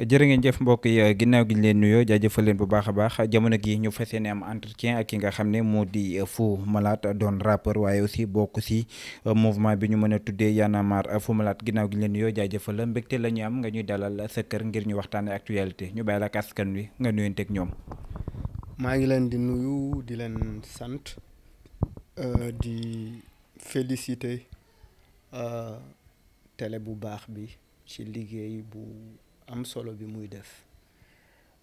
jërë ngeen jëf mbokk yi ginnaw giñ leen nuyo jaajëfal leen bu baax a baax jamono gi ñu fas am entretien ak ki nga xam ne moo di euh, Fou Malade doon rappeur waaye aussi bokk si euh, mouvement bi ñu mën a tuddee Y'en a marre Fou Malade ginnaaw gi leen nuyo jaajëfal la mbégte la ñu am nga ñuy dalal sa kër ngir ñu waxtaanee actualité ñu bàyyi la wi nga nuyanteeg ñoom. maa ngi leen di nuyu di leen sant euh, di féliciter télé bu baax bi ci liggéey bu. am solo bi muy def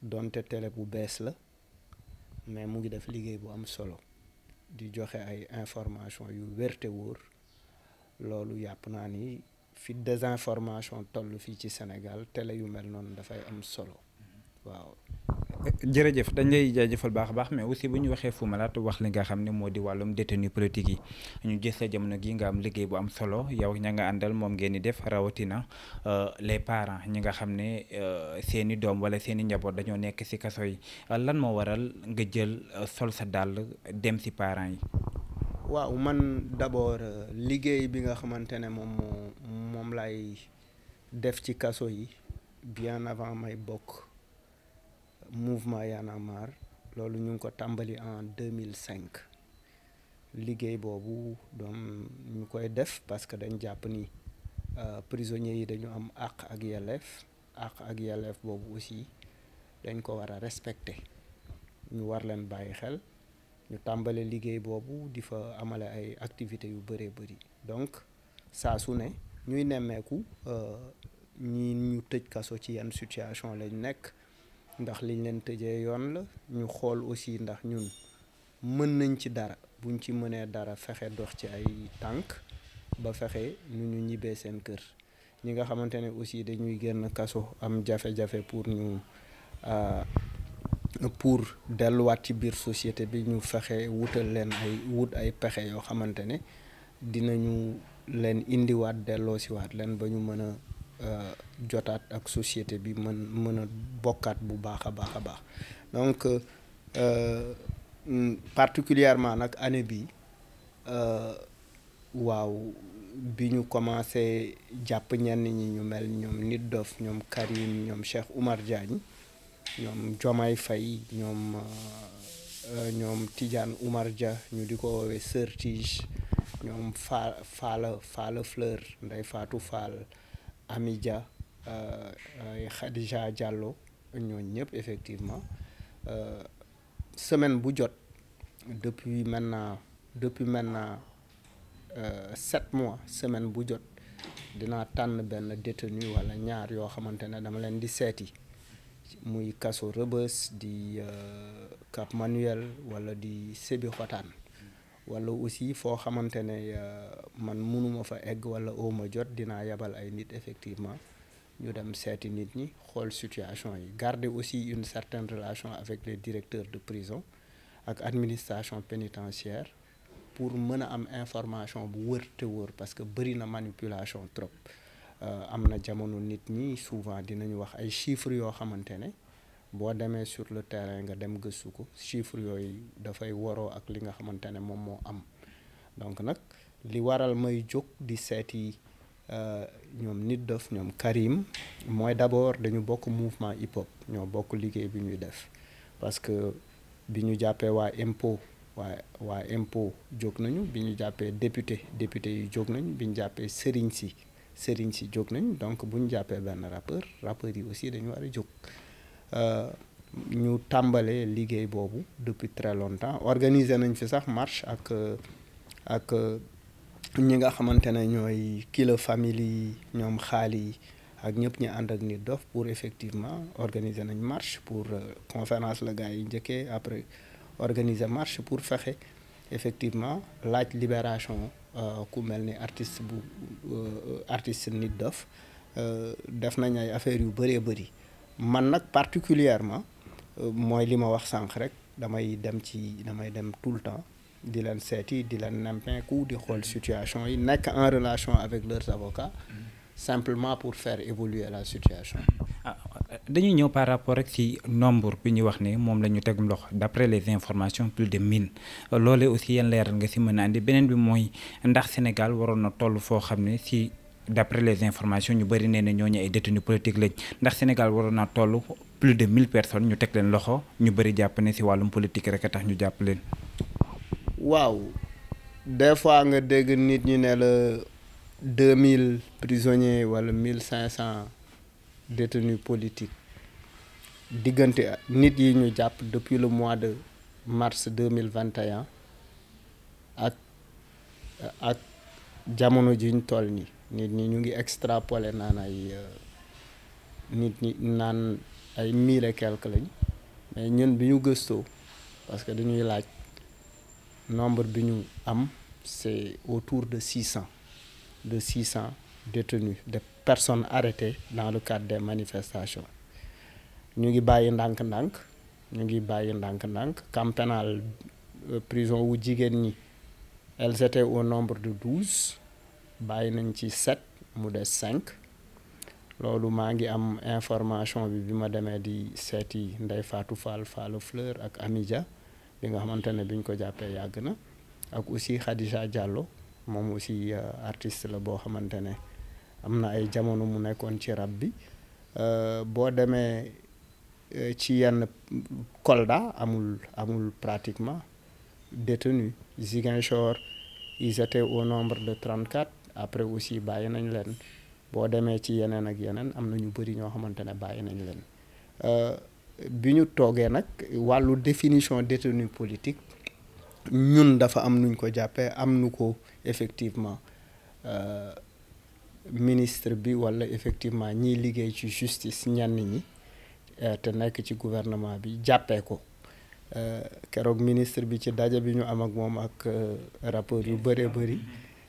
donte télé bu bees la mais mu ngi def liggéey bu am solo di joxe ay information yu wérte wóor loolu yàpp naa ni fi désinformation toll fii ci Sénégal télé yu mel noonu dafay am solo waaw jërëjëf dañ lay jaajëfal baax a baax mais aussi bu ñu waxee Fou Malade wax li nga xam ne moo di wàllum détenu politique yi ñu gis sa jamono gi nga am liggéey bu am solo yow ña nga àndal moom ngeen di def rawatina euh, les parent ñi nga xam ne euh, seen i doom wala seen i njaboot dañoo nekk si kaso yi lan moo waral nga jël euh, sol sa dàll dem si parents yi. waaw man d'abord liggéey bi nga xamante ne moom moo moom lay def ci kaso yi bien avant may bokk. mouvement Y'en a marre loolu ñu ko en 2005 liguey Bobu, doom ñu koy def parce que dañ jàpp ni euh, prisonniers yi dañu am àq ak yelleef àq ak yelleef Bobu aussi dañ ko wara a respecter ñu war len baye xel ñu tàmbale liguey bobu difa fa amale ay activités yu bëree bëri donc saa su ne ñuy euh ñi ñu tëj kasso ci yenn situation lañ nekk ndax liñ leen tëjee yoon la ñu xool aussi ndax ñun mën nañ ci dara buñ ci mënee dara fexe dox ci ay tànk ba fexe nu ñu ñibbee seen kër ñi nga xamante ne aussi dañuy génn kaso am jafe-jafe pour ñu euh, pour delluwaat ci biir société bi ñu fexe wutal leen ay wut ay pexe yoo xamante ne dinañu leen indiwaat delloo delloosiwaat leen ba ñu mën a Euh, jotaat ak société bi mën mën a bokkaat bu baax a baax a baax donc euh, euh, particulièrement nag année bi waaw bi ñu commencé jàpp ñenn ñi ñu mel ñoom nit dof ñoom Karim ñoom Cheikh Oumar Diagne ñoom Diomaye Faye ñoom ñoom Tidiane Oumar ñu di ko woowee Sertige ñoom Fa Faala Faala Fleur Ndeye faatu Fall Amidia euh, euh, Khadija Diallo ñooñu ñep effectivement euh, semaine bu jot depuis maintenant depuis maintenant euh, 7 mois semaine bu jot dina tan ben détenu wala ñaar yo xamantene dama len di séti muy kaso Rebeuss di euh, Cap Manuel wala di Sebi Khotane wala aussi foo xamante ne euh, man mënuma fa egg wala au ma jot dinaa yebal ay nit effectivement ñu dem seeti nit ñi xool situation yi garder aussi une certaine relation avec les directeurs de prison ak administration pénitentiaire pour mën a am information bu wër te wër parce que bëri na manipulation trop euh, am na jamono nit ñi souvent dinañu wax ay chiffres yoo xamante boo demee sur le terrain nga dem gëstu ko chiffre yooyu dafay waroo ak li nga xamante ne moom moo am donc nag li waral may jóg di seeti euh, ñoom nit dof ñoom Karim mooy d'abord dañu bokk mouvement hip hop ñoo bokk liggéey bi ñuy def parce que bi ñu jàppee waa impôt waa waa impôt jóg nañu bi ñu jàppee député député yi jóg nañu bi ñu jàppee sëriñ si sëriñ si jóg nañu donc bu ñu jàppee benn rappeur rappeur yi aussi dañu war a jóg Euh, ñu tambalé liggéey bobu depuis très longtemps organiser nañ fi sax marche ak ak ñi nga xamantene ñoy ñooy kilo famille ñom xali ak ñëpp ñi and ak nit dof pour effectivement organiser nañ marche pour euh, conférence la gars yi njëkkee après organiser marche pour faire effectivement laaj libération euh, ku melni artiste bu artiste nit dof def nañ ay affaire yu bëree bëri man nak particulièrement euh, moy lima wax sank rek damay dem ci damay dem tout le temps di leen setti di leen nempeeku di xool mm-hmm. situation yi nekk en relation avec leurs avocats mm-hmm. simplement pour faire évoluer la situation. Ah, euh, dañuy ñëw par rapport rek ci nombre bi ñu wax ne moom la ñu tegum d'après les informations plus de mille euh, loolee aussi yan leeral nga ci mën a andi beneen bi mooy ndax Sénégal waroon na toll foo xam ne ci. d'après les informations ñu bari nee na ñooñu ay détenus politiques lañ ndax Sénégal waroon naa toll plus de 1000 personnes ñu tek leen loxo ñu bari japp né ci walum politique rek tax ñu japp leen. waaw des fois nga dégg nit ñi né la 2000 prisonniers wala 1500 cinq cent détenus politiques diggante nit yi ñu japp depuis le mois de mars 2021 ak ak jamono ji ñu toll nii. nit ñi ñu ngi extrapoler naan ay euh, nit ñi naan ay mille et quelque lañ mais ñun bi ñu parce que dañuy laaj nombre bi nous am c'est autour de 600 de 600 détenus de personnes arrêtées dans le cadre des manifestations ñu ngi bàyyi ndànk-ndànk ñu ngi bàyyi ndànk-ndànk camp euh, prison wu jigéen ñi elles étaient au nombre de 12 bàyyi nañ ci sept mu des cinq ngi am information bi bima démé di Ndeye Fatou Fall Fleur ak Amidia bi nga ak aussi Khadija Diallo mom aussi euh, artiste la ay jamono mu ci euh, euh, amul amul pratiquement détenu ils étaient au nombre de 34 après aussi bàyyi nañ leen boo demee ci yeneen ak yeneen am na ñu bëri ñoo xamante ne bàyyi nañ leen euh, bi ñu toogee nag wàllu définition détenu politique ñun dafa am nuñ ko jàppee am nu ko effectivement euh, ministre bi walla effectivement ñiy liggéey ci justice ñenn ñi euh, te nekk ci gouvernement bi jàppee ko keroog ministre bi ci daje bi ñu am ak moom ak rapport yu bëree bëri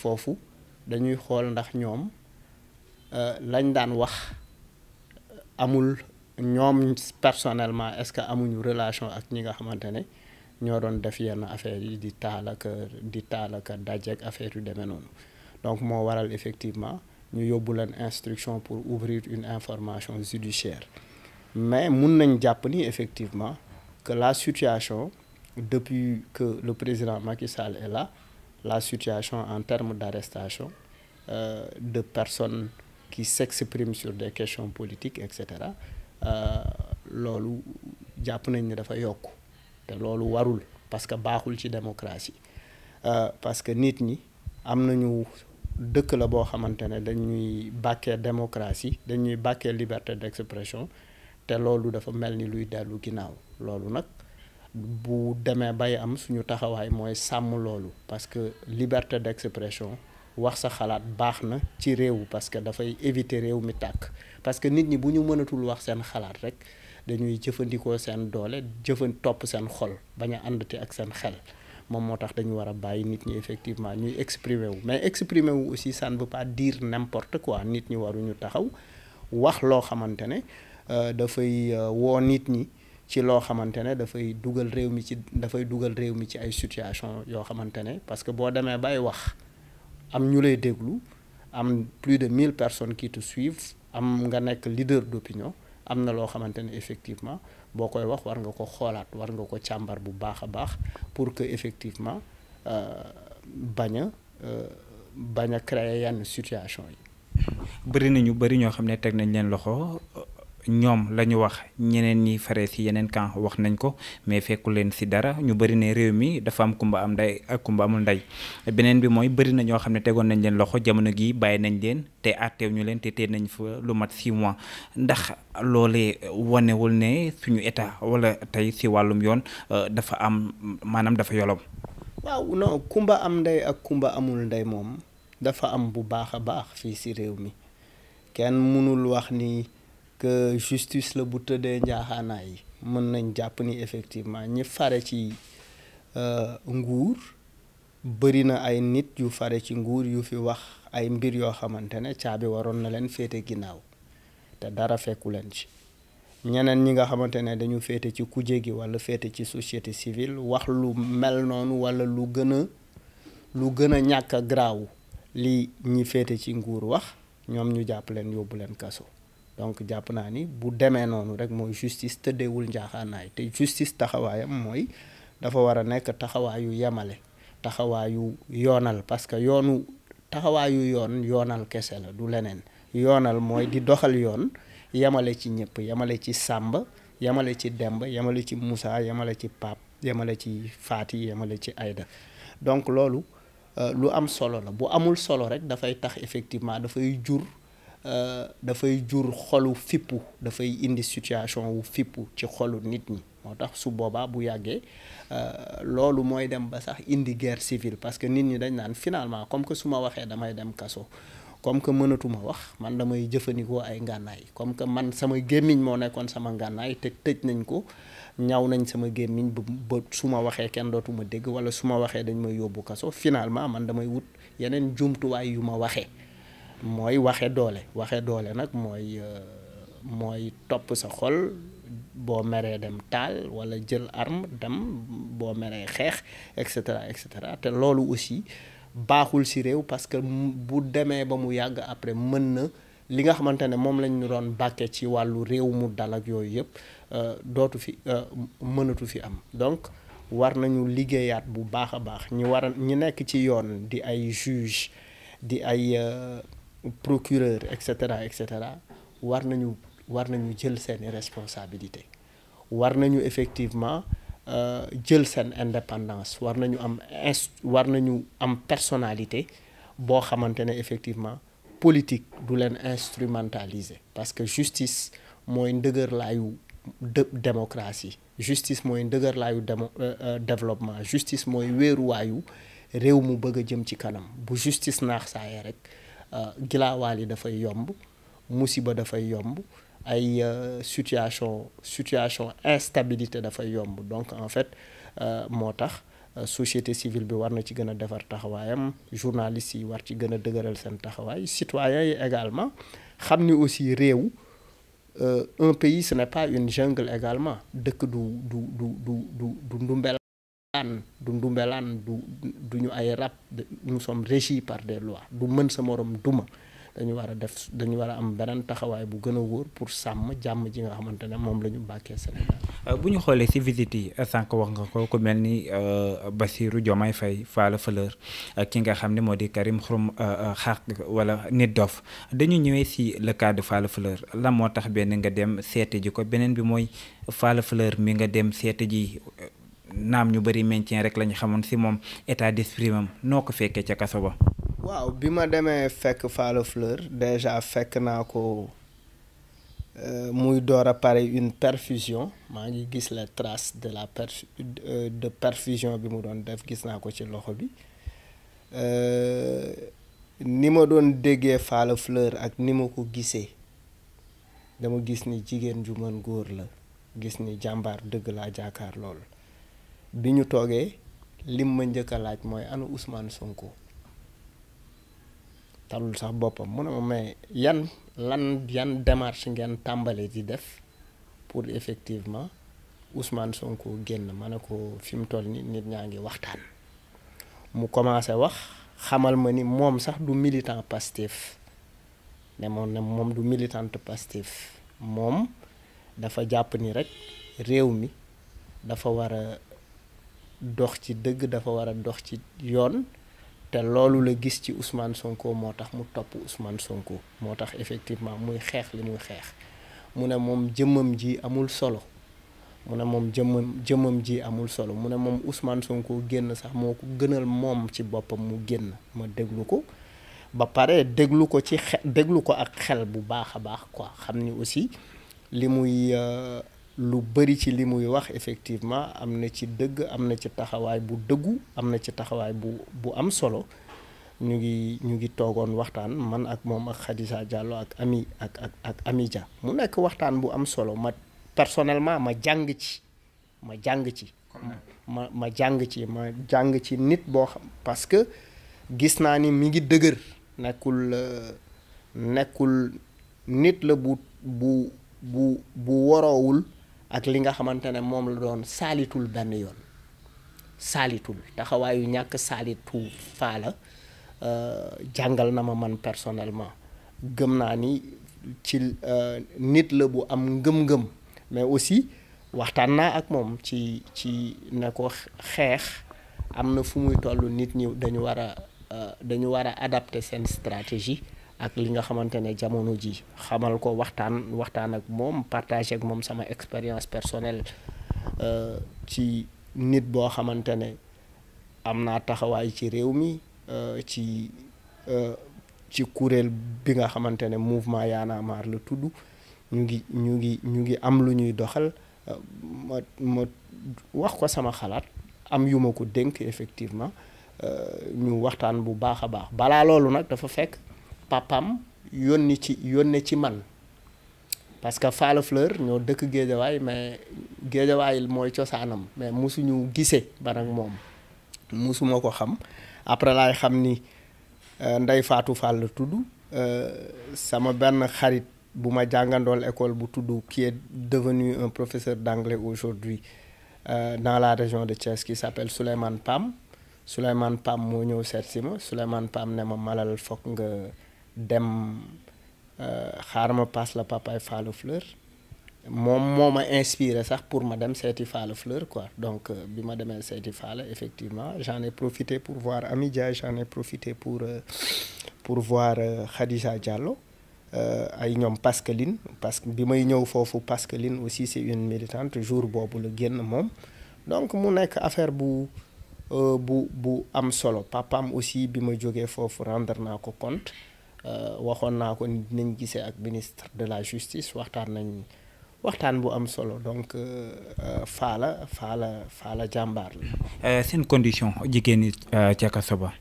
fofu dañuy xool ndax euh, lañ wax amul personnellement est-ce relation ak ñi nga xamante ñoo def yi di ak donc effectivement ñu instruction pour ouvrir une information judiciaire mais mun nañ effectivement que la situation depuis que le président Macky Sall est là la situation en termes d'arrestation euh, de personnes qui s'expriment sur des questions politiques etc. cetera euh, loolu jàpp nañ ne dafa qui te fait warul parce que baaxul ci démocratie euh, parce que nit ni fait deux dëkk la bo fait de dañuy démocratie dañuy liberté d'expression te loolu dafa mel ni qui dellu fait loolu nak bu demee bay am suñu taxaway moy sam lolu parce que liberté d'expression wax sa xalaat baxna ci réew parce que fay éviter réew mi tak parce que nit ñi buñu mënatul wax sen xalaat rek dañuy jëfëndiko sen doole jëfan top sen xol baña andati ak sen xel mom motax tax dañu war a nit ñi effectivement ñuy exprimer wu mais exprimer wu aussi ça ne veut pas dire n'importe quoi nit ñi ñu taxaw wax xamantene euh da fay euh, wo nit ñi ci lo xamantene da fay dugal réew mi ci dafay dugal réew mi ci ay situation yo xamantene parce que bo demee bay wax am ñu lay déglu am plus de mille personnes qui te suivent am nga nek leader d'opinion am na lo xamantene effectivement bokoy wax war nga ko xolaat war nga ko càmbar bu baax baax pour que effectivement euh baña euh baña créer yenn situation yi. bari na ñu bëri ñoo xam nañ leen loxo. ñoom la ñu wax ñeneen ñi fare si yeneen kan wax nañ ko mais fekku leen si dara ñu bëri ne réew mi dafa am kumba am ndey ak kumba amul ndey beneen bi mooy bëri na ñoo xam ne tegoon nañ leen loxo jamono gi bàyyi nañ leen te àtteew ñu leen te tee nañ fa lu mat 6 mois ndax loole wonewul ne suñu état wala tey si wàllum yoon euh, dafa am maanaam dafa yolom waaw non kumba am ndey ak kumba amul ndey moom dafa am bu baax a baax fii si réew mi kenn mënul wax ni que justice la bu tëddee njaaxaanaa yi mën nañ jàpp ni effectivement ñi fare ci euh, nguur bëri na ay nit yu fare ci nguur yu fi wax ay mbir yoo xamante ne caabi waroon na leen féete ginnaaw te dara fekku leen ci ñeneen ñi nga xamante ne dañu féete ci kuje gi walla féete ci société civile wax lu mel noonu walla lu gën a lu gën a ñàkk a graaw li ñi féete ci nguur wax ñoom ñu jàpp leen yóbbu leen kaso donc jàpp naa ni bu demee noonu rek mooy justice tëddeewul njaaxaanaay te justice taxawaayam mooy dafa war a nekk taxawaayu yemale taxawaayu yoonal parce que yoonu taxawaayu yoon yoonal kese la du leneen yoonal mooy di doxal yoon yamale ci ñëpp yemale ci sàmb yamale ci demb yemale ci Moussa yemale ci Pape yemale ci Fati yemale ci Aïda donc loolu euh, lu am solo la bu amul solo rek dafay tax effectivement dafay jur Euh, dafay jur xolu fippu dafay indi situation wu fippu ci xolu nit ñi moo tax su boobaa bu yàggee euh, loolu mooy dem ba sax indi guerre civile parce que nit ñi dañ naan finalement comme que su ma waxee damay dem kaso comme que mënatuma wax man damay jëfandikoo ay ngànnaay comme que man sama gémmiñ moo nekkoon sama ngànnaay te tëj nañ ko ñaw nañ sama gémmiñ ba ba su ma waxee kenn dootuma dégg wala su ma waxee dañ may yóbbu kaso finalement man damay wut yeneen jumtuwaay yu ma waxee moi, waxe doole waxe doole nag moy euh, moy top sa xol bo meree dem tal wala jël dem bo et cetera et cetera té lolu aussi baxul parce que bu démé ba mu après mën li nga ne ci mu euh, euh, fi am donc war nañu liggéeyaat bu baax a baax ñi war ñi di ay juge di ay procureur et cetera et cetera war nañu war s'en jël responsabilité war nañu effectivement euh, jël seen indépendance war nañu am ins war nañu am personnalité boo xamante ne effectivement politique du leen instrumentaliser parce que justice mooy ndëgërlaayu de démocratie justice mooy ndëgërlaayu de euh, euh, développement justice mooy wéeruwaayu réew mu bëgg a jëm ci kanam bu justice naax saaya rek euh, gilaawaal yi dafay yomb musiba dafay yomb ay euh, situation situation instabilité dafay yomb donc en fait euh, moo société civile bi war na ci gëna défar taxawayam journalistes yi war ci gëna dëgeural sen taxaway citoyens également xamni aussi réew un pays ce n'est pas une jungle également dëkk du du du du du an du ndumbelaan du duñu ay rab nous sommes régis par des lois mën sa morom duma dañu war a def dañu war a am beneen taxawaay bu gën a wóor pour sàmm jàmm ji nga xamante ne moom la ñu euh, bu ñu xoolee ci visite yi sànq wax nga ko ku mel ni euh, Bassirou Diomaye Faye Falla Fleur ak euh, ki nga xam ne moo di Karim Xurum xaq wala Nit Dof dañu ñëwee ci le cas Fleur la moo tax benn nga dem seete ji ko beneen bi mooy Falla Fleur mi nga dem seete ji naam ñu bëri maintien rek la ñu xamoon si moom état d'esprit mam noo ko fekkee ca kaso ba. waaw bi ma demee fekk Falla Fleur déjà fekk naa ko euh, muy door a pare une perfusion maa ngi gis les traces de la per de, euh, de perfusion bi mu doon def gis naa ko ci loxo bi euh, ni ma doon déggee Falla Fleur ak ni ma ko gisee dama gis ni jigéen ju mën góor la gis ni jàmbaar dëgg laa jaakaar loolu biñu ñu lim ma njëkk laaj mooy anu Ousmane Sonko talul sax boppam mu ne ma mais yan lan yan démarche ngeen tàmbale di def pour effectivement Ousmane Sonko génn ma ne ko fi mu toll ni nit ñaa ngi waxtaan mu commencé wax xamal ma ni moom sax du militant pastif ne moom ne moom du militante pastif moom dafa jàpp ni rek réew mi dafa war dox ci dëgg dafa war a dox ci yoon te loolu la gis ci usmaan Sonko moo tax mu topp Ousmane Sonko moo tax effectivement muy xeex li muy xeex mu ne moom jëmmam ji amul solo mu ne moom jëmmam jëmmam ji amul solo mu ne moom Ousmane Sonko génn sax moo ko gënal moom ci boppam mu génn ma déglu ko ba pare déglu ko ci xel déglu ko ak xel bu baax a baax ko xam ni aussi li muy. Euh, lu bëri ci li muy wax effectivement am na ci dëgg am na ci taxawaay bu dëggu am na ci taxawaay bu bu am solo ñu ngi ñu ngi toogoon waxtaan man ak moom ak Khadija Diallo ak ami ak ak ak Ami Dia mu nekk waxtaan bu am solo ma personnellement ma jàng ci ma jàng ci ma ma jàng ci ma jàng ci nit boo xam parce que gis naa ni mi ngi dëgër nekkul nekkul nit la bu bu bu bu waroowul ak li nga xamante ne moom la doon saalitul benn yoon saalitul taxawaayu ñàkk saalitu faala euh, jàngal na ma man personnellement gëm naa ni ci euh, nit la bu am ngëm-ngëm mais aussi waxtaan naa ak moom ci ci na ko xeex am na fu muy toll nit ñi dañu war a euh, dañu war a adapter seen stratégie ak li nga xamante ne jamono ji xamal ko waxtaan waxtaan ak moom partager ak moom sama expérience personnelle euh, ci nit boo xamante ne am naa taxawaay ci réew mi euh, ci euh, ci kuréel bi nga xamante ne mouvement Y'en la tudd ñu ngi ñu ngi ñu ngi am lu ñuy doxal ma ma wax ko sama xalaat am yu ma ko dénk effectivement ñu waxtaan bu baax a baax balaa loolu nag dafa fekk papam yónni ci ci man parce que nous Fleur ñoo dëkk mais géejawaay fleurs. cosaanam mais musuñu fleurs. ban ak mom musu moko xam après lay xam ni euh, Ndey Fall euh, sama benn xarit buma école bu qui est devenu un professeur d'anglais aujourd'hui euh, dans la région de Thiès qui s'appelle Souleymane Pam Souleymane Pam mo ñeu Sulaiman Souleymane Pam ne ma malal dem euh, xaar ma paas la et Fallou Fleur moom moo ma inspiré sax pour ma dem seeti Fallou Fleur quoi donc euh, bi ma demee seeti Fallou effectivement j'en ai profité pour voir Ami Dia j'en ai profité pour euh, pour voir Khadija Diallo ay ñoom Pascaline parce que bi may ñëw foofu Pascaline aussi c'est une militante jour boobu la génn moom donc mu nekk affaire bu bu bu am solo papam aussi bi ma jógee foofu rendre naa ko compte euh, waxoon na ko dinañ gisé ak ministre de la justice waxtan nañ waxtan bu am solo donc faala faala faala jambar euh, euh, euh sen condition jigéen ci ca ba.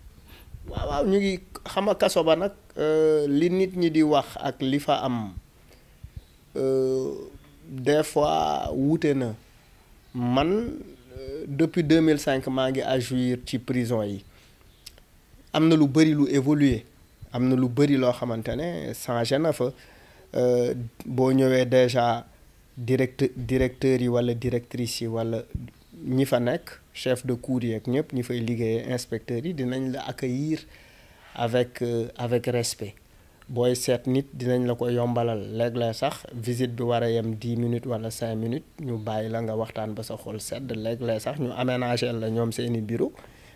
waaw waaw ñu ngi xam nga kaso nak euh li nit ñi di wax ak li fa am des fois wuute na man depuis 2005 ma ngi à jouir ci prison yi amna lu bari lu évoluer amna lu bëri lo xamantene ne changé na fa euh, boo ñëwee déjà direct directeur yi walla directrices yi walla ñi fa nek chef de courrier ak ñëpp ñi fay liggéeyee inspecteur yi dinañ la accueillir avec euh, avec respect booy seet nit dinañ la ko yombalal léeg-léeg sax visite bi war yam 10 minutes wala 5 minutes ñu bàyyi la nga waxtaan ba sa xol sedd léeg-léeg sax ñu aménager la ñom seeni bureau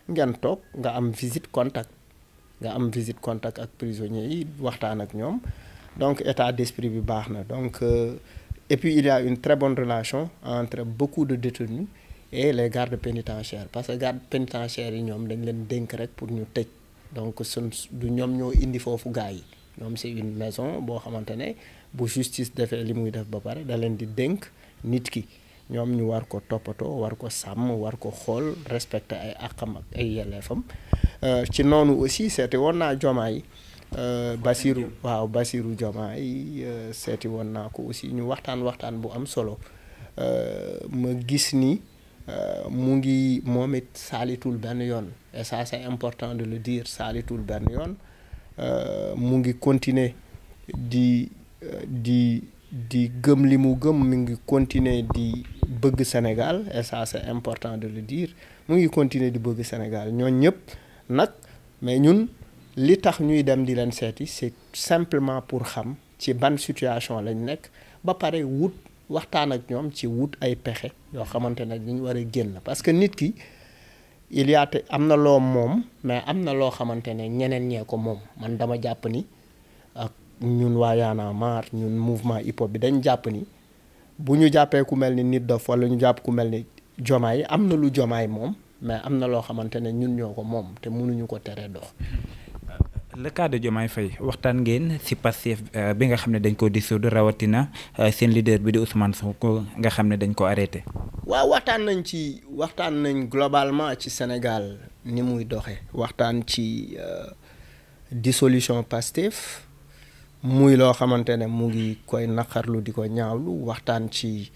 ngeen tok nga am visite contact nga am visite contact ak prisonniers yi waxtaan ak ñoom donc état d'esprit bi baax na donc euh, et puis il y a une très bonne relation entre beaucoup de détenus et les gardes pénitentiaires parce que gardes pénitentiaires yi ñoom dañ leen dénk rek pour ñu tëj donc sun du ñoom ñoo indi foofu gars yi ñoom c'est une maison boo xamante ne bu justice defee li muy def ba pare da leen di dénk nit ki ñoom ñu war ko toppatoo war ko sàmm war ko xool respecter ay àqam ak ay yelleefam Euh, ci noonu aussi seeti woon naa jomaa Diomaye Bassirou waaw bassiru Bassirou Diomaye euh, seeti woon naa ko aussi ñu waxtaan waxtaan bu am solo euh, ma gis ni mu ngi moom it saalitul benn yoon et important de le dire saalitul benn yoon mu ngi continuer di di di gëm li mu gëm mu ngi continuer di bëgg Sénégal et important de le dire mu ngi continuer di bëgg Sénégal ñooñ ñëpp nak mais ñun li tax ñuy dem di len séti c'est simplement pour xam ci ban situation lañ nek ba paré wut waxtaan ak ñom ci wut ay pexé yo xamante ne dañ war a génn parce que nit ki il y a te am na mais amna lo loo xamante ñeneen ñee ko mom man dama japp ni ak ñun waa Y'en ñun mouvement hip hop bi dañ japp ni bu ñu jàppee ku melni ni nit dof wala ñu japp ku melni jomaay lu jomaay mom mais am na loo xamante ne ñun ñoo ko moom te mënuñu ko teree dox. le cas de fay waxtaan ngeen ci Pastef euh, bi nga xam ne dañ ko dissoudre rawatina euh, seen leader bi di Ousmane Sonko nga xam ne dañ ko arrêté. waaw waxtaan nañ ci waxtaan nañ globalement ci Sénégal ni muy doxee waxtaan ci euh, dissolution Pastef muy loo xamante ne mu ngi koy naqarlu di ko ñaawlu waxtaan ci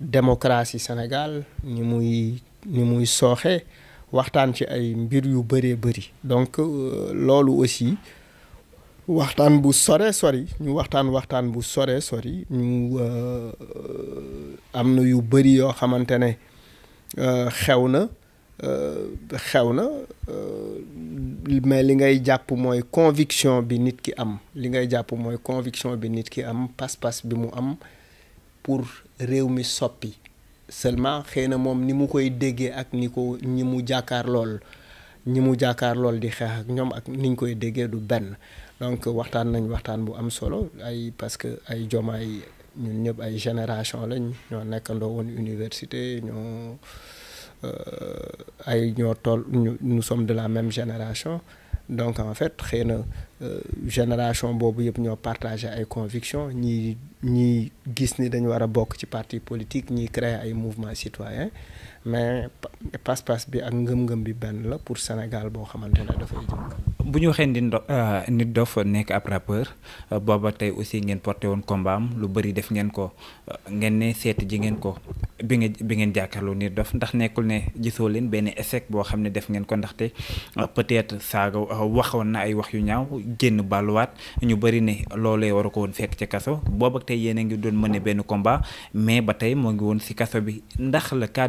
démocratie Sénégal ni muy. ni muy soxé waxtaan ci ay mbir yu donc euh, loolu aussi waxtaan bu sore sori ñu waxtaan waxtaan bu sore sori ñu euh, euh, am yu bëri mais ngay conviction bi nit am li ngay conviction bi nit am pas-pas bi mu pour réew seulement xëy na moom ni mu koy déggee ak ni ko ñi mu jàkkaar lool ñi mu jàkkaar lool di xeex ak ñoom ak niñ koy déggee du benn donc waxtaan nañ waxtaan bu am solo ay parce que ay jomaay ñun ñëpp ay génération lañ ñoo nekkandoo woon université ñoo euh, ay ñoo toll nous somme de la même génération donc en fait très une euh, génération boobu yëpp ñoo partagé ay convictions ñi ñi gis ni dañu wara bok ci parti politique ñi créer ay mouvements citoyens. mais pas-pas bi ak ngëm-ngëm bi benn la pour Sénégal boo xamante ne dafay jëm. bu ñu waxee euh, nit dof nekk ab rappeur euh, booba tey aussi ngeen porté woon combat am lu bëri def ngeen ko euh, ngeen ne seet ji ngeen ko bi ngeen bi ngeen jàkkaarloo nit dof ndax nekkul ne gisoo leen benn échec boo xam ne def ngeen ko ndaxte peut-être saaga waxoon na ay wax yu ñaaw génn baluwaat ñu bëri ne loolee war ko woon fekk ci kaso booba tey yéen a ngi doon mën ne benn combat mais ba tey moo ngi woon si kaso bi ndax le cas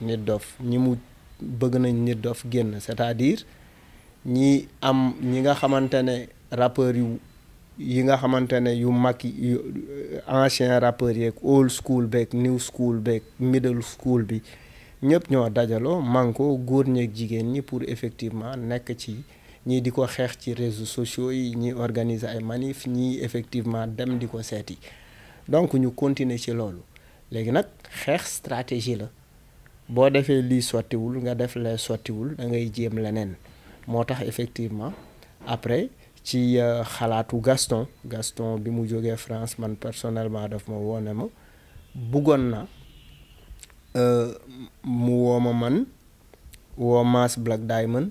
nit dof ñi mu bëgg nañ nit dof génn c'est-à-dire ñi am ñi nga xamante ne rappeurs yu yi nga xamante ne yu mag yu euh, ancien rappeurs yeeg old school beeg new school beeg middle school bi ñëpp ñoo dajaloo manko góor ñeeg jigéen ñi pour effectivement nekk ci ñii di ko xeex ci réseau sociaux yi ñi organiser ay manif ñii effectivement dem di ko seeti donc ñu continuer ci loolu léegi nag xeex stratégie la defé li soti wul nga def la wul da ngay jëm lenen motax effectivement après ci euh, xalaatu Gaston Gaston bi mu jógee France man personnellement daf ma woné mo, bugon na euh, mu man wo Mass Black Diamond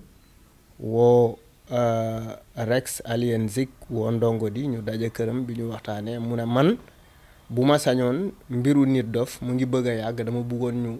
woo euh, Rex Alien Zik wo Ndongo di ñu dajé kërëm bi ñu waxtané mu né man buma ma mbiru nit dof mu ngi bëgg a dama bugon ñu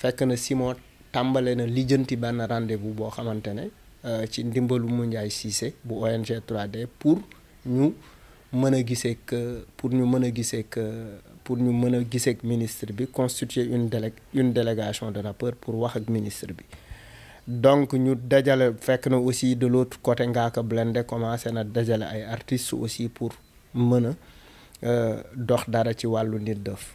fekk na Simon tàmbale na lijjanti benn rendez-vous boo xamante ne euh, ci ndimbalu Moundiaye Cissé bu ONG 3D pour ñu mën a gisee pour ñu mën a gisee que pour ñu mën a gisee ministre bi constituer une délé une délégation de rappeurs pour wax ak ministre bi donc ñu dajale fekk na aussi de l'autre côté Ngaaka Blindé commencé na dajale ay artistes aussi pour mën a euh, dox dara ci wàllu nit Nitdoff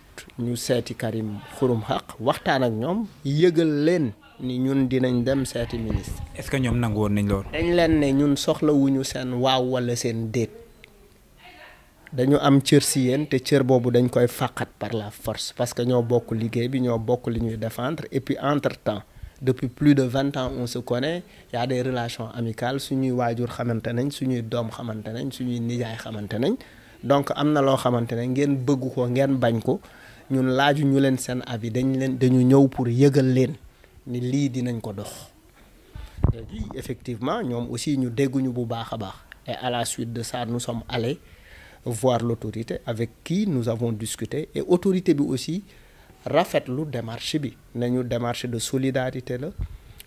ñu seeti Karim Xurum Xaq waxtaan ak ñoom dem ministre. est-ce que nous sommes woon nañ loolu. dañ leen ne ñun sommes seen waaw wala seen déet dañu am cër si yéen te cër dañ par la force parce que bi et puis entre-temps depuis plus de 20 ans on se connaît y a des relations amicales suñuy waajur xamante nañ suñuy doom xamante nañ suñuy nijaay xamante nañ donc am na loo ne ngeen ko ngeen bañ ko. Nous laaju ñu leen seen avis dañ leen dañu pour yëgal leen ni lii dinañ ko effectivement ñoom aussi ñu dégguñu bu et à la suite de ça nous sommes allés voir l'autorité avec qui nous avons discuté et l'autorité bi aussi rafetlu démarche bi démarche de solidarité la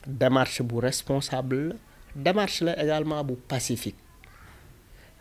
démarche bu responsable la démarche également bu pacifique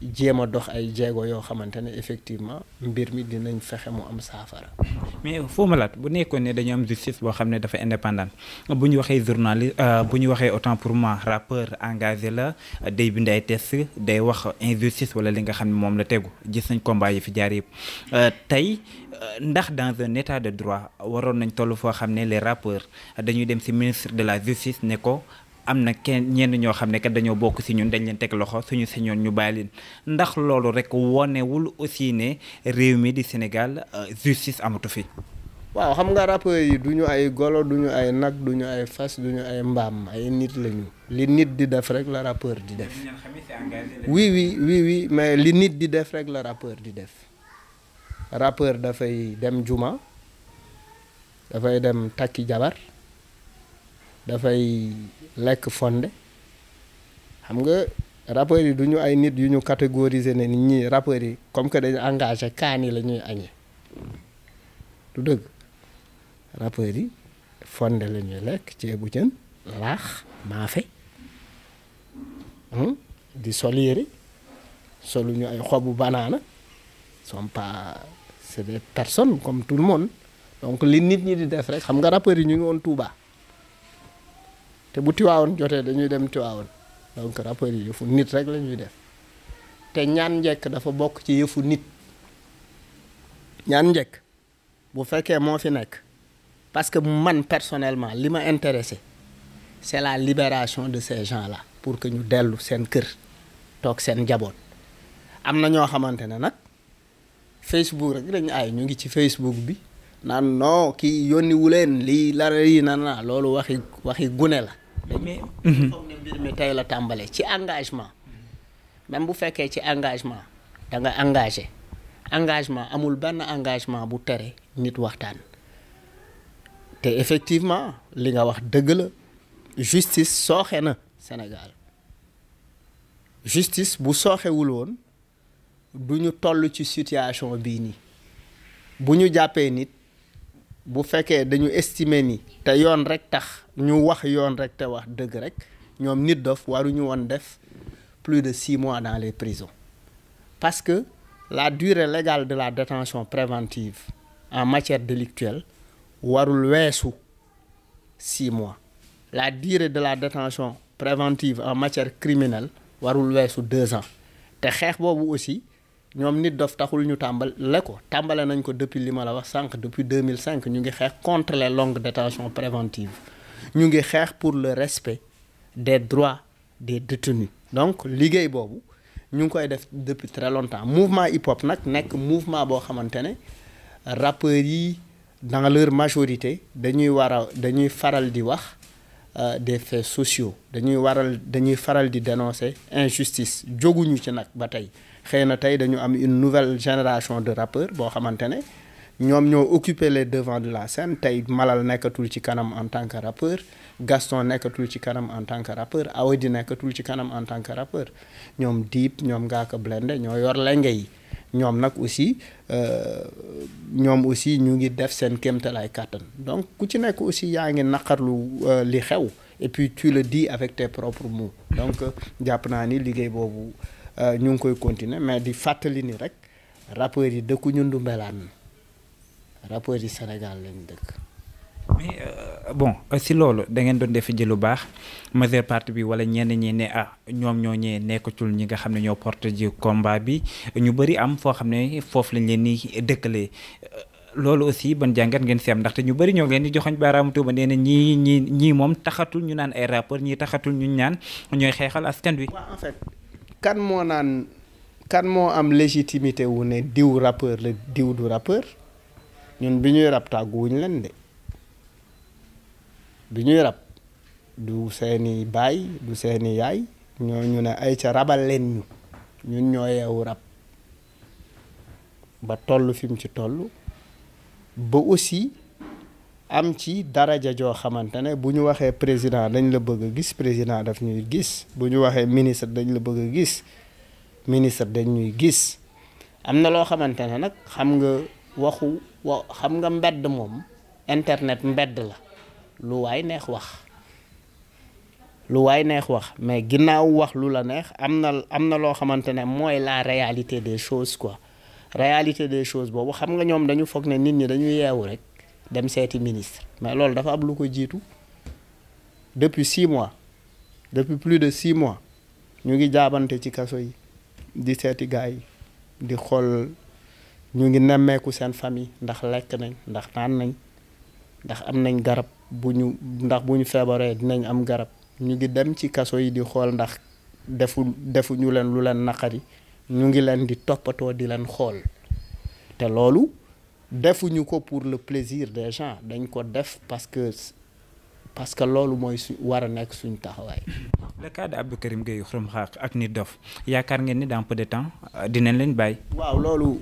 jéem a dox ay jéego yoo xamante ne effectivement mbir mi dinañ fexe mu am saafara. mais foo ma laat bu nekkoon ne dañu am justice boo xam ne dafa indépendant bu ñu waxee journaliste bu ñu waxee autant pour moi rappeur engagé la day bind ay test day wax injustice wala li nga xam ne moom la tegu gis nañ combat yi fi jaar yëpp tey ndax dans un état de droit waroon nañ toll foo xam ne les rappeurs dañuy dem ci ministre de la justice ne ko. am na kenn ñenn ñoo xam ne kat dañoo bokk si ñun dañ leen teg loxo suñu si ñoon ñu bàyyi leen ndax loolu rek wonewul aussi ne réew mi di Sénégal euh, justice amatu fi. waaw xam nga rappeur yi du ñu ay golo duñu ay nag du ñu ay fas du ñu ay mbaam ay nit lañu li nit di def rek la rappeur di def. oui oui oui oui mais li nit di def rek la rappeur di def rappeur dafay dem juma dafay dem takki jabar. fay lek fonde xam nga rappeurs yi duñu ay nit yu ñu catégoriser né kani ñi rappeurs yi comme que dañu engagé kani la ñuy agné du deug yi fonde la ñuy lekk ceebu ma laax hmm di sol solu ñu ay xobu banana sont pas c'est des personnes comme tout le monde donc li nit ñi di def rek xam nga yi ñu ngi won Touba te bu tiwaawoon jotee dañuy dem tiwaawoon donc rapport yi yëfu nit rek la ñuy def te ñaan njekk dafa bokk ci yëfu nit ñaan njekk bu fekkee moo fi nekk parce que man personnellement li ma intéressé c'est la libération de ces gens-là pour que ñu dellu seen kër toog seen njaboot am na ñoo xamante ne nag Facebook rek dañu ay ñu ngi ci Facebook bi naan noo kii yónni wu leen lii lara yi na naa loolu waxi waxi gune la mais mhm. foog ne mbir mi tey la tàmbale ci engagement même bu fekkee ci engagement da nga engagé engagement amul benn engagement bu tere nit waxtaan te effectivement li nga wax dëgg la justice sooxe na Sénégal justice bu sooxewul woon du ñu toll ci situation bii nii bu ñu jàppee nit bu fekkee dañu estimer ni te yoon rek tax ñu wax yoon rek te wax dëgg rek ñoom nit dof waruñu woon def plus de six mois dans les prisons parce que la durée légale de la détention préventive en matière délictuelle warul weesu six mois la durée de la détention préventive en matière criminelle warul weesu deux ans te xeex boobu aussi ñoom nit dof taxul ñu le ko tàmbale nañ ko depuis li ma la wax sànq depuis 2005 ñu ngi xeex contre les longues détentions préventives ñu ngi xeex pour le respect des droits des détenus donc liggéey boobu ñu ngi koy def depuis très longtemps mouvement hip hop nag nekk mouvement boo xamante ne rappeurs yi dans leur majorité dañuy war a dañuy faral di wax euh, des faits sociaux nous waral dañuy l'injustice. di dénoncer injustice jóguñu ci une nouvelle génération de rappeurs qui avons occupé les devants de la scène avons Malal ci kanam en tant que rappeur Gaston nekkatul ci kanam en tant rappeur rappeur di nekkatul ci kanam en tank rappeur ñoom Dip ñoom Ngaaka Blindé ñoo yor lenge yi ñoom nag aussi euh, ñoom aussi ñu ngi def seen kéemtalaay kàttan donc ku ci nekk aussi yaa ngi naqarlu euh, li xew et puis tu le di avec tes propres mots donc euh, jàpp naa ni liggéey boobu ñu ngi koy continuer mais di fàttali nii rek rappeurs yi dëkku ñu ndumbelaan rappeurs yi Sénégal lañ dëkk mais euh, bon si loolu da ngeen doon def ji lu baax majeure partie bi wala ñenn ñi ne ah ñoom ñoo ñee nekkatul ñi nga xam ne ñoo porte ji combat bi ñu bëri am foo xam ne foofu lañ leen ni dëkkalee euh, loolu aussi ban jàngat ngeen si ndaxte ñu bëri ñoo ngeen di joxoñ baaraamu tuuba nee na ñii ñii ñii moom taxatul ñu naan ay rapport ñii taxatul ñu ñaan ñooy xeexal askan wi. en fait kan moo naan kan moo am légitimité wu ne diw rappeur la diw du rappeur ñun bi ñuy rap tàgguwuñ leen de. du rap, rab du seeni bay du seeni yaay ñu ne ay ca rabal leen ñu ñun ñoo yeewu rab ba tollu fi mu ci tollu ba aussi am ci daraja joo xamante ne bu ñu waxee président dañ la bëgg a gis président daf ñuy gis bu ñu waxee ministre dañ la bëgg gis ministre dañ ñuy gis am na loo xamante nag xam nga waxu wa xam nga mbedd moom internet mbedd la lu neex wax lu mais ginnaaw wax lu la la réalité des choses quoi réalité des choses bobu xam nga ñom dañu ne nit ñi dañu dem ministre mais dafa am lu depuis six mois depuis plus de six mois ñu ngi jaabante ci kasso yi di séti gaay di famille bu ñu ndax bu ñu feebaree dinañ am garab ñu ngi dem ci kaso yi di xool ndax defu defu ñu leen lu leen naqari ñu ngi leen di toppatoo di leen xool te loolu defuñu ko pour le plaisir des gens dañ ko def parce que parce que loolu mooy su war a nekk suñu taxawaay. le cas de Abdou Karim Gueye Xurum ak Nit Dof yaakaar ngeen ni dans peu de temps euh, dinañ leen bàyyi. waaw loolu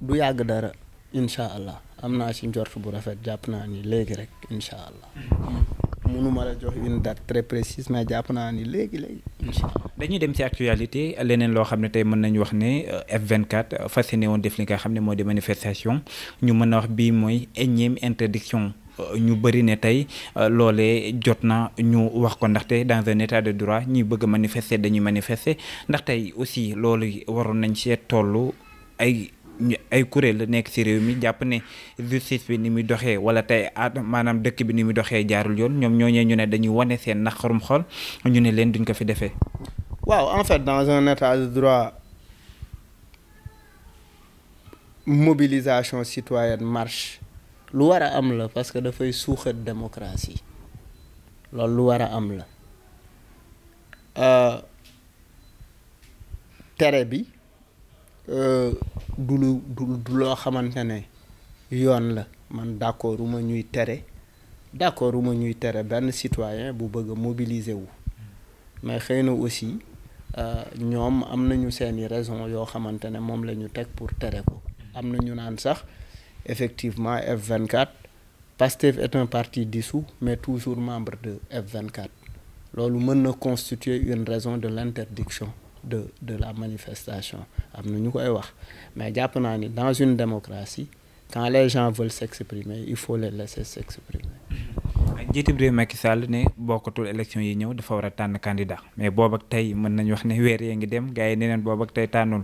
du yàgg dara incha allah. amna ci njort bu rafet jàpp naa ni léegi rek incha allah. Hmm. mënuma la jox une date très précise mais jàpp naa ni léegi léegi incha allah. dañuy dem ci actualité leneen loo xam ne tey mën nañu wax ne euh, F24 fas yéene woon def li nga xam ne moo di manifestation ñu mën a wax bii mooy énième interdiction. Euh, ñu bëri ne tey euh, loolee jot na ñu wax ko ndaxte dans un état de droit ñi bëgg a manifester dañuy manifester ndax tey aussi loolu waroon nañ see tollu ay ay kuréel la nekk ci réew mi jàpp ne justice bi ni muy doxee wala tey ah maanaam dëkk bi ni muy doxee jaarul yoon ñoom ñooñee ñu ne dañuy wane seen naqarum xol ñu ne leen duñ ko fi defee. waaw en fait dans un état de droit mobilisation citoyenne marche lu war a am la parce que dafay suuxat démocratie loolu lu war a am la euh, tere bi. Euh, du du lo la man ñuy ñuy citoyen bu mobiliser mais nous aussi nous euh, am nañu seeni raison yo nous mom lañu tek pour téré ko am sax effectivement F24 Pastef est un parti dissous mais toujours membre de F24 lolu mën constituer une raison de l'interdiction de la manifestation mais dans une démocratie quand les gens veulent s'exprimer il faut les laisser s'exprimer njiitu réew Macky Sall ne bokkatul élection yi ñew dafa wara a candidat mais bob ak tay mën nañ wax ne wër yee ngi dem gaay yi bob ak tay tànnul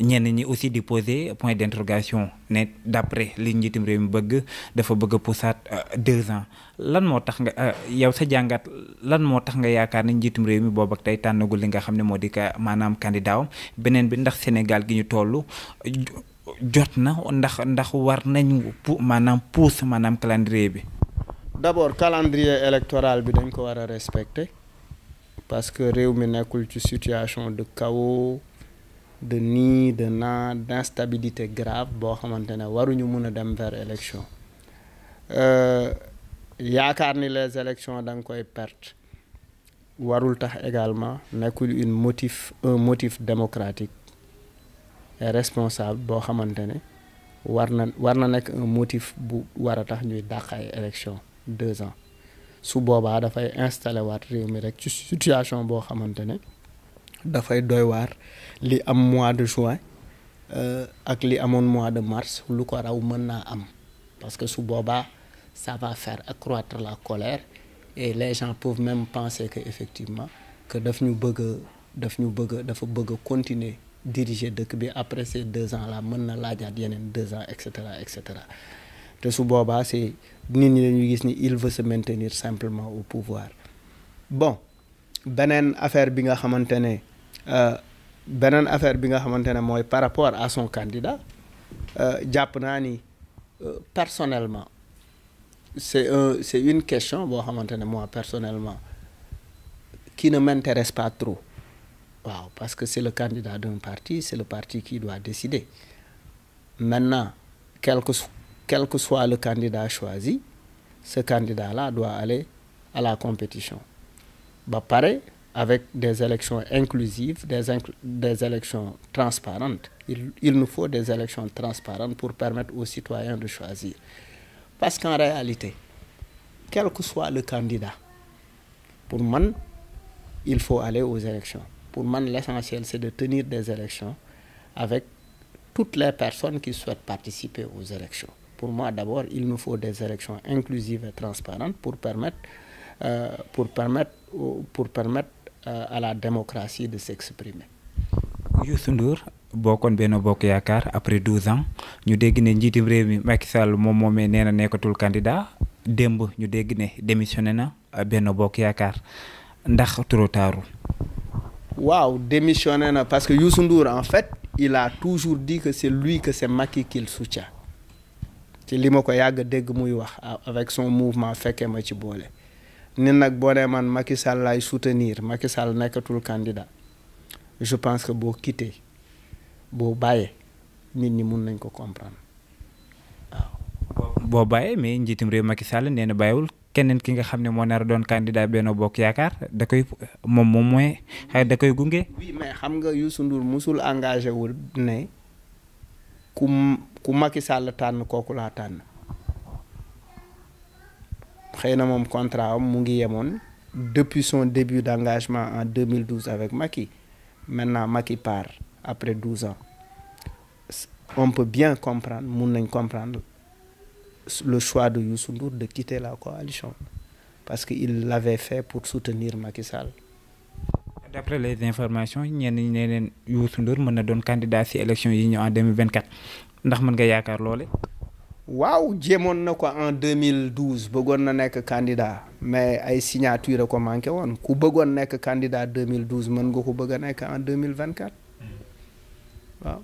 ñen ñi aussi di poser point d'interrogation ne d'après li njiitu réew mi bëgg dafa bëgg poussat 2 euh, ans lan mo tax nga euh, yow sa jàngat lan mo tax nga yaakaar ne njiitum réew mi bob ak tay tànnagul li nga xamne modi ka manam candidat benen bi ndax Sénégal gi ñu tollu jotna ndax ndax war nañu manam pousse manam calendrier bi d'abord calendrier électoral bi dañ ko respecter parce que nous mi une ci situation de chaos de nid, de na d'instabilité grave boo xamante ne waruñu mun a dem vers élection euh, yaakaar ni les élections dans quoi perte warul tax également une motif un motif démocratique et responsable bon xamante ne war na un motif bu war élection deux ans su Boba, dafay installer waat réew mi rek ci situation bo xamantene da fay doy war li am mois de juin euh, ak li amone mois de mars lu ko raw mën naa am parce que su Boba, ça va faire accroître la colère et les gens peuvent même penser que effectivement que daf ñu bëgg daf ñu bëgg dafa bëgg continuer diriger dëkk bi après ces deux ans là mën na laajaat yenen deux ans etc etc et te su boba c'est il veut se maintenir simplement au pouvoir bon beneen affaire bi nga xamante ne euh, beneen affaire bi nga par rapport à son candidat euh, jàpp euh, personnellement c'est une question boo xamante moi personnellement qui ne m'intéresse pas trop waaw parce que c'est le candidat d'un parti c'est le parti qui doit décider maintenant quelque quel que soit le candidat choisi, ce candidat-là doit aller à la compétition. pareil, avec des élections inclusives, des, élections transparentes. il, nous faut des élections transparentes pour permettre aux citoyens de choisir. Parce qu'en réalité, quel que soit le candidat, pour moi, il faut aller aux élections. Pour moi, l'essentiel, c'est de tenir des élections avec toutes les personnes qui souhaitent participer aux élections. Pour moi, d'abord, il nous faut des élections inclusives et transparentes pour permettre, euh, pour permettre, pour permettre euh, à la démocratie de s'exprimer. Youssou Ndour benn bokk après 12 ans ñu dégg dit que réew mi Macky Sall mom momé néna na nekkatul candidat demb ñu dégg né démissionné na euh, benn bokk yakar ndax trop tard. waaw démissionné na parce que Youssou Ndour en fait il a toujours dit que c'est lui que c'est Macky qu'il soutient ci li ma ko yàgg dégg muy wax ah, avec son mouvement fekkee ma ci boole nit nag boo nee man Macky Sall soutenir Macky Sall nekkatul candidat je pense que boo quitté boo bàyyee nit ñi mun nañ ko comprendre boo bàyyee mais njiitum réew Macky Sall nee na bàyyiwul keneen ki nga xam ne moo nar doon candidat benn Bokk Yaakaar da koy moom moom mooy da koy xam nga Youssou Ndour musul engagé wul ne. Macky Sall contrat depuis son début d'engagement en 2012 avec Macky maintenant Macky part après 12 ans on peut bien comprendre comprendre le choix de Youssou de quitter la coalition parce qu'il l'avait fait pour soutenir Macky Sall D'après les informations ñen ñi ne Youssou Ndour mëna doon candidat élection yi ñëw en 2024 ndax mën nga yaakaar l'olé. waaw jémon na ko en 2012 bëggoon na nekk candidat mais ay signature ko manqué woon ku bëggoon nekk candidat 2012 mën nga ko bëgg a nekk en 2024 waaw.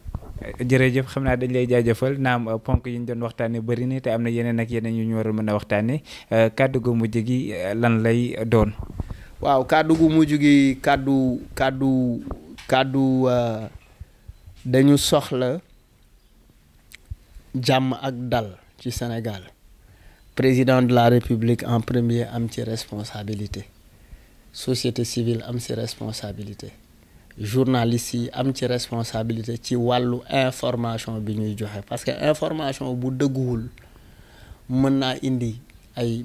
jërëjëf xam naa dañ lay jaajëfal naam ponk yi ñu doon waxtaanee bëri ni te am na yeneen ak yeneen yu ñu war a mën a waxtaanee kàddu gu mujj gi lan lay doon waaw kàddu gu mujj gi kàddu kàddu kàddu uh, dañu soxla jàmm ak dal ci Sénégal président de la République en premier am ci responsabilité société civile am ci responsabilité Journaliste, am ci responsabilité ci walu information bi ñuy joxe parce que information bu dëgguwul mën indi ay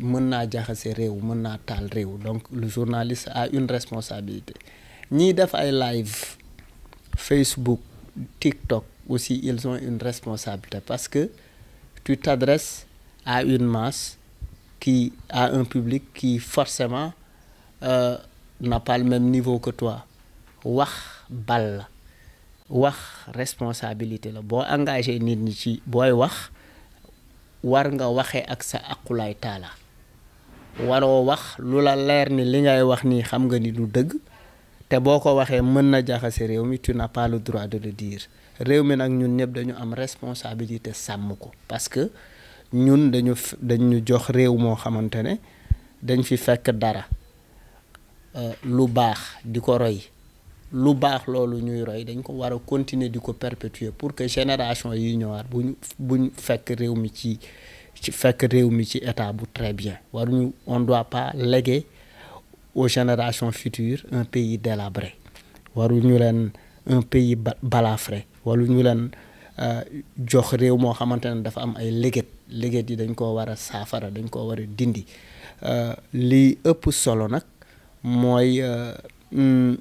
donc le journaliste a une responsabilité Ni def live Facebook TikTok aussi ils ont une responsabilité parce que tu t'adresses à une masse qui a un public qui forcément euh, n'a pas le même niveau que toi wax bal wah responsabilité la engagé nit ni war nga waxee ak sa àqulaay taala waroo wax lu la leer ni li ngay wax nii xam nga ni du dëgg te boo ko waxee mën na jaxase réew mi tu n'as pas le droit de le dire réew mi nag ñun ñëpp dañu am responsabilité sàmm ko parce que ñun dañu dañu jox réew moo xamante ne dañ fi fekk dara euh, lu baax di ko roy lu baax loolu ñuy roy dañ ko war a continuer di ko perpétuer pour que génération yi ñëwaat bu ñu bu ñu fekk réew mi ci ci fekk réew mi ci état bu très bien waruñu on doit pas léguer aux générations futures un pays délabré waruñu leen un pays balafré waruñu leen euh, jox réew moo xamante ne dafa am ay léget léget yi dañ koo war a saafara dañ koo war a dindi euh, li ëpp solo nag mooy. Euh, hmm,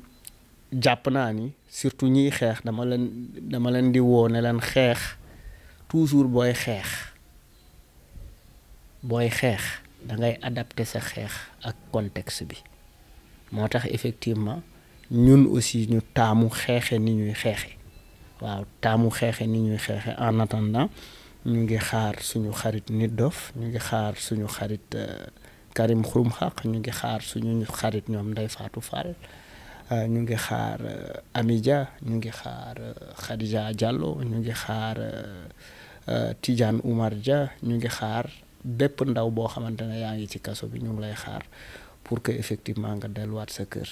jàpp naa ni surtout ñiy xeex dama leen dama leen di woo ne leen xeex toujours booy xeex booy xeex da ngay adapter sa xeex ak contexte bi moo tax effectivement ñun aussi ñu taamu xeexe ni ñuy xeexe waaw taamu xeexe ni ñuy xeexe en attendant ñu ngi xaar suñu xarit Nit dof ñu ngi xaar suñu xarit euh, Karim Xurum Xaq ñu ngi xaar suñu xarit ñoom ndey Fatou Fall Euh, ñu ngi xaar euh, Amidia ñu ngi xaar euh, Khadija Diallo ñu ngi xaar Tidiane umar ja ñu ngi xaar bépp ndaw boo xamante ne yaa ngi ci kaso bi ñu ngi lay xaar pour que effectivement nga delluwaat sa kër.